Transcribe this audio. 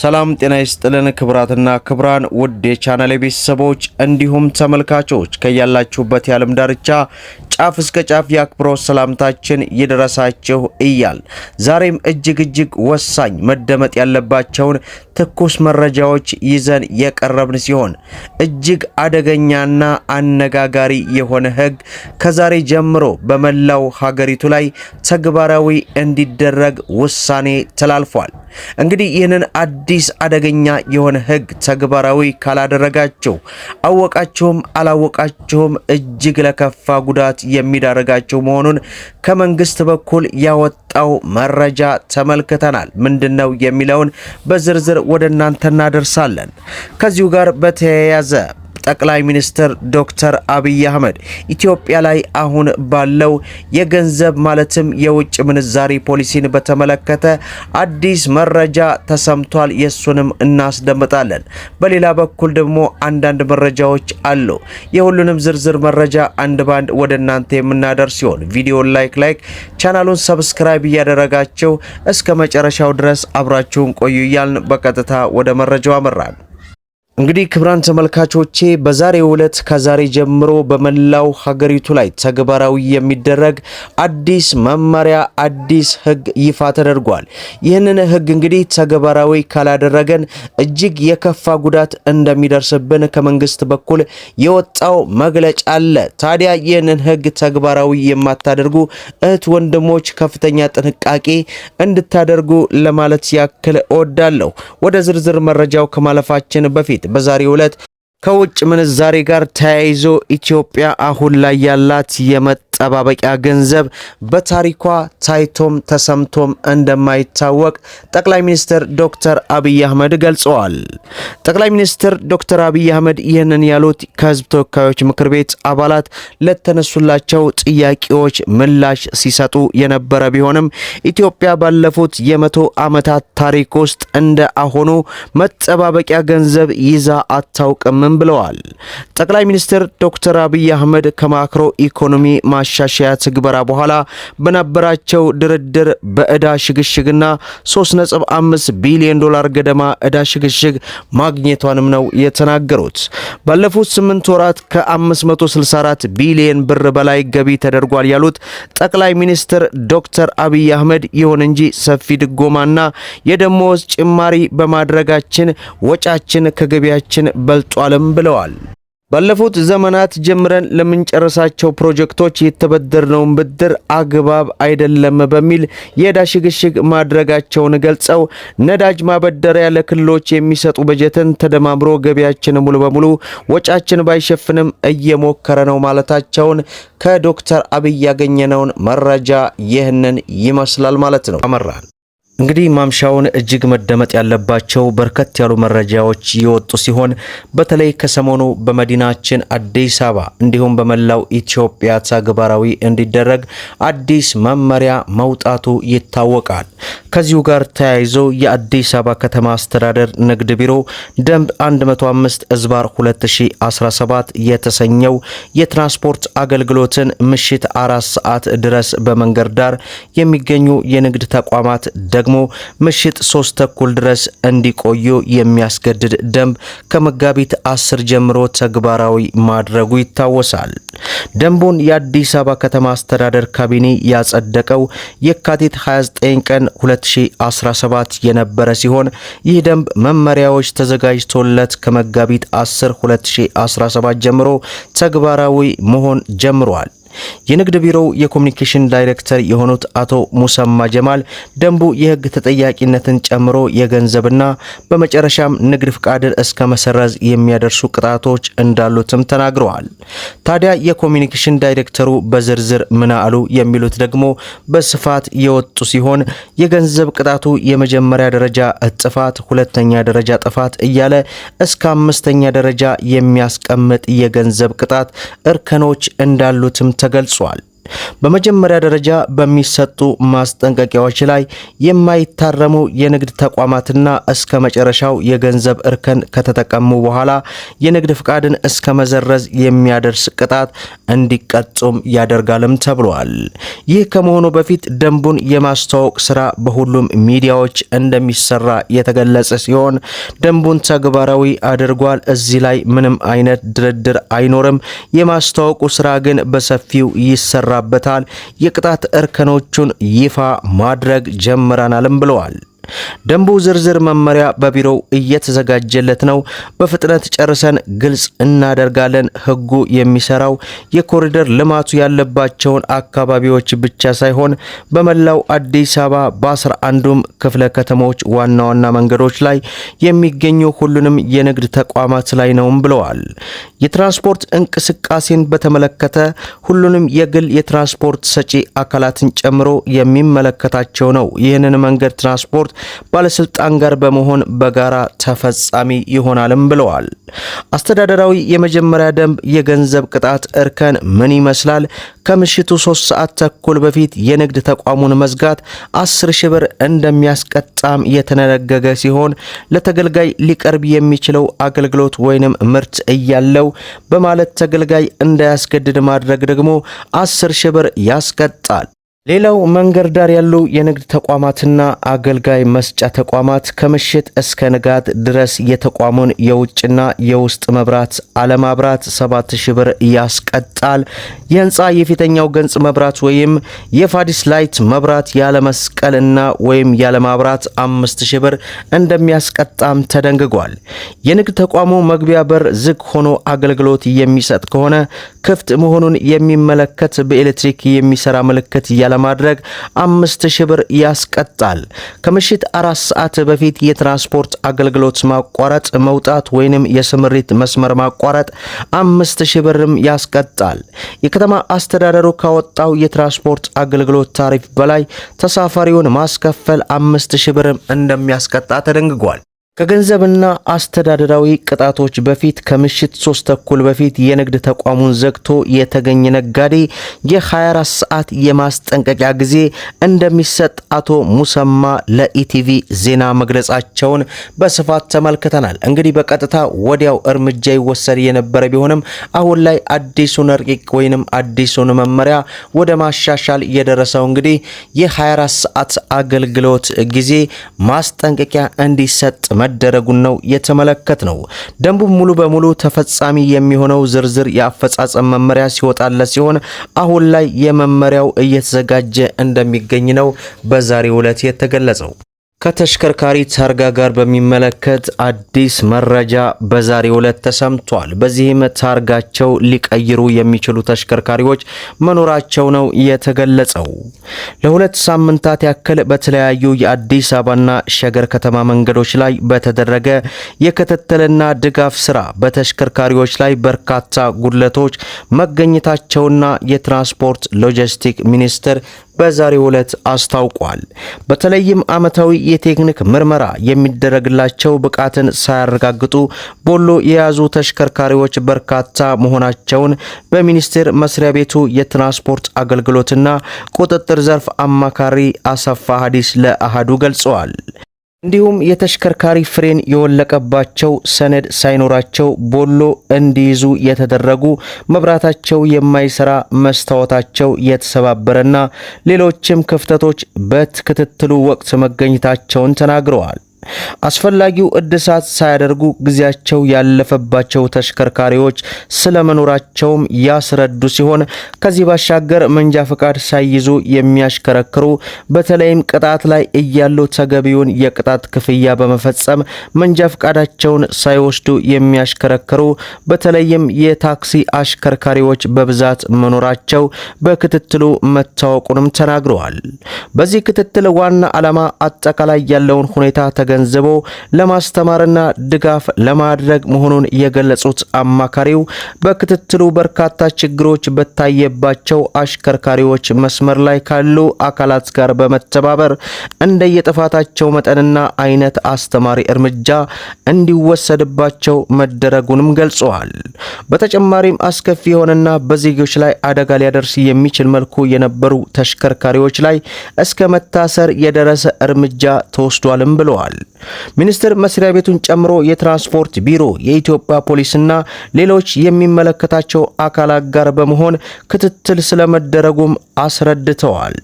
ሰላም ጤና ይስጥልን ክብራትና ክብራን ውድ የቻናል ቤተሰቦች እንዲሁም ተመልካቾች ከያላችሁበት የዓለም ዳርቻ ጫፍ እስከ ጫፍ የአክብሮት ሰላምታችን ይድረሳችሁ እያል ዛሬም እጅግ እጅግ ወሳኝ መደመጥ ያለባቸውን ትኩስ መረጃዎች ይዘን የቀረብን ሲሆን እጅግ አደገኛና አነጋጋሪ የሆነ ሕግ ከዛሬ ጀምሮ በመላው ሀገሪቱ ላይ ተግባራዊ እንዲደረግ ውሳኔ ተላልፏል። እንግዲህ ይህንን አዲስ አደገኛ የሆነ ህግ ተግባራዊ ካላደረጋቸው አወቃቸውም አላወቃቸውም እጅግ ለከፋ ጉዳት የሚዳረጋቸው መሆኑን ከመንግስት በኩል ያወጣው መረጃ ተመልክተናል። ምንድን ነው የሚለውን በዝርዝር ወደ እናንተ እናደርሳለን። ከዚሁ ጋር በተያያዘ ጠቅላይ ሚኒስትር ዶክተር አብይ አህመድ ኢትዮጵያ ላይ አሁን ባለው የገንዘብ ማለትም የውጭ ምንዛሪ ፖሊሲን በተመለከተ አዲስ መረጃ ተሰምቷል። የሱንም እናስደምጣለን። በሌላ በኩል ደግሞ አንዳንድ መረጃዎች አሉ። የሁሉንም ዝርዝር መረጃ አንድ ባንድ ወደ እናንተ የምናደርስ ሲሆን ቪዲዮን ላይክ ላይክ ቻናሉን ሰብስክራይብ እያደረጋቸው እስከ መጨረሻው ድረስ አብራችሁን ቆዩ እያልን በቀጥታ ወደ መረጃው አመራን። እንግዲህ ክብራን ተመልካቾቼ በዛሬው ዕለት ከዛሬ ጀምሮ በመላው ሀገሪቱ ላይ ተግባራዊ የሚደረግ አዲስ መመሪያ አዲስ ህግ ይፋ ተደርጓል። ይህንን ህግ እንግዲህ ተግባራዊ ካላደረገን እጅግ የከፋ ጉዳት እንደሚደርስብን ከመንግስት በኩል የወጣው መግለጫ አለ። ታዲያ ይህንን ህግ ተግባራዊ የማታደርጉ እህት ወንድሞች ከፍተኛ ጥንቃቄ እንድታደርጉ ለማለት ያክል እወዳለሁ። ወደ ዝርዝር መረጃው ከማለፋችን በፊት በዛሬው ዕለት ከውጭ ምንዛሬ ጋር ተያይዞ ኢትዮጵያ አሁን ላይ ያላት የመጠባበቂያ ገንዘብ በታሪኳ ታይቶም ተሰምቶም እንደማይታወቅ ጠቅላይ ሚኒስትር ዶክተር አብይ አህመድ ገልጸዋል። ጠቅላይ ሚኒስትር ዶክተር አብይ አህመድ ይህንን ያሉት ከህዝብ ተወካዮች ምክር ቤት አባላት ለተነሱላቸው ጥያቄዎች ምላሽ ሲሰጡ የነበረ ቢሆንም ኢትዮጵያ ባለፉት የመቶ ዓመታት ታሪክ ውስጥ እንደ አሁኑ መጠባበቂያ ገንዘብ ይዛ አታውቅም አይሆንም ብለዋል። ጠቅላይ ሚኒስትር ዶክተር አብይ አህመድ ከማክሮ ኢኮኖሚ ማሻሻያ ትግበራ በኋላ በነበራቸው ድርድር በእዳ ሽግሽግና 3.5 ቢሊዮን ዶላር ገደማ እዳ ሽግሽግ ማግኘቷንም ነው የተናገሩት። ባለፉት 8 ወራት ከ564 ቢሊዮን ብር በላይ ገቢ ተደርጓል ያሉት ጠቅላይ ሚኒስትር ዶክተር አብይ አህመድ ይሁን እንጂ ሰፊ ድጎማና የደሞዝ ጭማሪ በማድረጋችን ወጫችን ከገቢያችን በልጧል አይደለም ብለዋል። ባለፉት ዘመናት ጀምረን ለምንጨርሳቸው ፕሮጀክቶች የተበደርነውን ብድር አግባብ አይደለም በሚል የዕዳ ሽግሽግ ማድረጋቸውን ገልጸው ነዳጅ ማበደሪያ ለክልሎች የሚሰጡ በጀትን ተደማምሮ ገቢያችን ሙሉ በሙሉ ወጫችን ባይሸፍንም እየሞከረ ነው ማለታቸውን ከዶክተር አብይ ያገኘነውን መረጃ ይህንን ይመስላል ማለት ነው። አመራን እንግዲህ ማምሻውን እጅግ መደመጥ ያለባቸው በርከት ያሉ መረጃዎች የወጡ ሲሆን በተለይ ከሰሞኑ በመዲናችን አዲስ አበባ እንዲሁም በመላው ኢትዮጵያ ተግባራዊ እንዲደረግ አዲስ መመሪያ መውጣቱ ይታወቃል። ከዚሁ ጋር ተያይዞ የአዲስ አበባ ከተማ አስተዳደር ንግድ ቢሮ ደንብ 105 እዝባር 2017 የተሰኘው የትራንስፖርት አገልግሎትን ምሽት አራት ሰዓት ድረስ በመንገድ ዳር የሚገኙ የንግድ ተቋማት ደግሞ ምሽት ሶስት ተኩል ድረስ እንዲቆዩ የሚያስገድድ ደንብ ከመጋቢት አስር ጀምሮ ተግባራዊ ማድረጉ ይታወሳል። ደንቡን የአዲስ አበባ ከተማ አስተዳደር ካቢኔ ያጸደቀው የካቲት 29 ቀን 2017 የነበረ ሲሆን ይህ ደንብ መመሪያዎች ተዘጋጅቶለት ከመጋቢት 10 2017 ጀምሮ ተግባራዊ መሆን ጀምሯል። የንግድ ቢሮው የኮሚኒኬሽን ዳይሬክተር የሆኑት አቶ ሙሰማ ጀማል ደንቡ የህግ ተጠያቂነትን ጨምሮ የገንዘብና በመጨረሻም ንግድ ፍቃድን እስከ መሰረዝ የሚያደርሱ ቅጣቶች እንዳሉትም ተናግረዋል። ታዲያ የኮሚኒኬሽን ዳይሬክተሩ በዝርዝር ምን አሉ የሚሉት ደግሞ በስፋት የወጡ ሲሆን የገንዘብ ቅጣቱ የመጀመሪያ ደረጃ ጥፋት፣ ሁለተኛ ደረጃ ጥፋት እያለ እስከ አምስተኛ ደረጃ የሚያስቀምጥ የገንዘብ ቅጣት እርከኖች እንዳሉትም ተገልጿል። በመጀመሪያ ደረጃ በሚሰጡ ማስጠንቀቂያዎች ላይ የማይታረሙ የንግድ ተቋማትና እስከ መጨረሻው የገንዘብ እርከን ከተጠቀሙ በኋላ የንግድ ፍቃድን እስከ መዘረዝ የሚያደርስ ቅጣት እንዲቀጡም ያደርጋልም ተብሏል። ይህ ከመሆኑ በፊት ደንቡን የማስተዋወቅ ስራ በሁሉም ሚዲያዎች እንደሚሰራ የተገለጸ ሲሆን ደንቡን ተግባራዊ አድርጓል። እዚህ ላይ ምንም አይነት ድርድር አይኖርም። የማስተዋወቁ ስራ ግን በሰፊው ይሰራል። ይገባበታል፣ የቅጣት እርከኖቹን ይፋ ማድረግ ጀምረናልም ብለዋል። ደንቡ ዝርዝር መመሪያ በቢሮው እየተዘጋጀለት ነው። በፍጥነት ጨርሰን ግልጽ እናደርጋለን። ህጉ የሚሰራው የኮሪደር ልማቱ ያለባቸውን አካባቢዎች ብቻ ሳይሆን በመላው አዲስ አበባ በአስራ አንዱም ክፍለ ከተሞች ዋና ዋና መንገዶች ላይ የሚገኙ ሁሉንም የንግድ ተቋማት ላይ ነውም ብለዋል። የትራንስፖርት እንቅስቃሴን በተመለከተ ሁሉንም የግል የትራንስፖርት ሰጪ አካላትን ጨምሮ የሚመለከታቸው ነው። ይህንን መንገድ ትራንስፖርት ትራንስፖርት ባለስልጣን ጋር በመሆን በጋራ ተፈጻሚ ይሆናልም ብለዋል። አስተዳደራዊ የመጀመሪያ ደንብ የገንዘብ ቅጣት እርከን ምን ይመስላል? ከምሽቱ ሶስት ሰዓት ተኩል በፊት የንግድ ተቋሙን መዝጋት አስር ሺህ ብር እንደሚያስቀጣም የተነገገ ሲሆን ለተገልጋይ ሊቀርብ የሚችለው አገልግሎት ወይንም ምርት እያለው በማለት ተገልጋይ እንዳያስገድድ ማድረግ ደግሞ አስር ሺህ ብር ያስቀጣል። ሌላው መንገድ ዳር ያሉ የንግድ ተቋማትና አገልጋይ መስጫ ተቋማት ከምሽት እስከ ንጋት ድረስ የተቋሙን የውጭና የውስጥ መብራት አለማብራት 7000 ብር ያስቀጣል። የህንፃ የፊተኛው ገንጽ መብራት ወይም የፋዲስ ላይት መብራት ያለመስቀል እና ወይም ያለማብራት 5000 ብር እንደሚያስቀጣም ተደንግጓል። የንግድ ተቋሙ መግቢያ በር ዝግ ሆኖ አገልግሎት የሚሰጥ ከሆነ ክፍት መሆኑን የሚመለከት በኤሌክትሪክ የሚሰራ ምልክት ለማድረግ አምስት ሺህ ብር ያስቀጣል። ከምሽት አራት ሰዓት በፊት የትራንስፖርት አገልግሎት ማቋረጥ፣ መውጣት ወይንም የስምሪት መስመር ማቋረጥ አምስት ሺህ ብርም ያስቀጣል። የከተማ አስተዳደሩ ካወጣው የትራንስፖርት አገልግሎት ታሪፍ በላይ ተሳፋሪውን ማስከፈል አምስት ሺህ ብርም እንደሚያስቀጣ ተደንግጓል። ከገንዘብና አስተዳደራዊ ቅጣቶች በፊት ከምሽት ሶስት ተኩል በፊት የንግድ ተቋሙን ዘግቶ የተገኘ ነጋዴ የ24 ሰዓት የማስጠንቀቂያ ጊዜ እንደሚሰጥ አቶ ሙሰማ ለኢቲቪ ዜና መግለጻቸውን በስፋት ተመልክተናል። እንግዲህ በቀጥታ ወዲያው እርምጃ ይወሰድ የነበረ ቢሆንም አሁን ላይ አዲሱን ረቂቅ ወይንም አዲሱን መመሪያ ወደ ማሻሻል የደረሰው እንግዲህ የ24 ሰዓት አገልግሎት ጊዜ ማስጠንቀቂያ እንዲሰጥ መደረጉን ነው የተመለከት ነው። ደንቡ ሙሉ በሙሉ ተፈጻሚ የሚሆነው ዝርዝር የአፈጻጸም መመሪያ ሲወጣለ ሲሆን አሁን ላይ የመመሪያው እየተዘጋጀ እንደሚገኝ ነው በዛሬው ዕለት የተገለጸው። ከተሽከርካሪ ታርጋ ጋር በሚመለከት አዲስ መረጃ በዛሬው ዕለት ተሰምቷል። በዚህም ታርጋቸው ሊቀይሩ የሚችሉ ተሽከርካሪዎች መኖራቸው ነው የተገለጸው። ለሁለት ሳምንታት ያክል በተለያዩ የአዲስ አበባና ሸገር ከተማ መንገዶች ላይ በተደረገ የክትትልና ድጋፍ ስራ በተሽከርካሪዎች ላይ በርካታ ጉድለቶች መገኘታቸውና የትራንስፖርት ሎጂስቲክ ሚኒስትር በዛሬው ዕለት አስታውቋል። በተለይም ዓመታዊ የቴክኒክ ምርመራ የሚደረግላቸው ብቃትን ሳያረጋግጡ ቦሎ የያዙ ተሽከርካሪዎች በርካታ መሆናቸውን በሚኒስቴር መስሪያ ቤቱ የትራንስፖርት አገልግሎትና ቁጥጥር ዘርፍ አማካሪ አሰፋ ሀዲስ ለአሃዱ ገልጸዋል። እንዲሁም የተሽከርካሪ ፍሬን የወለቀባቸው ሰነድ ሳይኖራቸው ቦሎ እንዲይዙ የተደረጉ መብራታቸው የማይሰራ መስታወታቸው የተሰባበረና ሌሎችም ክፍተቶች በክትትሉ ወቅት መገኘታቸውን ተናግረዋል። አስፈላጊው እድሳት ሳያደርጉ ጊዜያቸው ያለፈባቸው ተሽከርካሪዎች ስለመኖራቸውም ያስረዱ ሲሆን ከዚህ ባሻገር መንጃ ፈቃድ ሳይይዙ የሚያሽከረክሩ በተለይም ቅጣት ላይ እያሉ ተገቢውን የቅጣት ክፍያ በመፈጸም መንጃ ፈቃዳቸውን ሳይወስዱ የሚያሽከረክሩ በተለይም የታክሲ አሽከርካሪዎች በብዛት መኖራቸው በክትትሉ መታወቁንም ተናግረዋል። በዚህ ክትትል ዋና ዓላማ አጠቃላይ ያለውን ሁኔታ ተገንዝቦ ለማስተማርና ድጋፍ ለማድረግ መሆኑን የገለጹት አማካሪው በክትትሉ በርካታ ችግሮች በታየባቸው አሽከርካሪዎች መስመር ላይ ካሉ አካላት ጋር በመተባበር እንደየጥፋታቸው መጠንና አይነት አስተማሪ እርምጃ እንዲወሰድባቸው መደረጉንም ገልጸዋል። በተጨማሪም አስከፊ የሆነና በዜጎች ላይ አደጋ ሊያደርስ የሚችል መልኩ የነበሩ ተሽከርካሪዎች ላይ እስከ መታሰር የደረሰ እርምጃ ተወስዷልም ብለዋል። ሚኒስቴር መስሪያ ቤቱን ጨምሮ የትራንስፖርት ቢሮ፣ የኢትዮጵያ ፖሊስና ሌሎች የሚመለከታቸው አካላት ጋር በመሆን ክትትል ስለመደረጉም አስረድተዋል።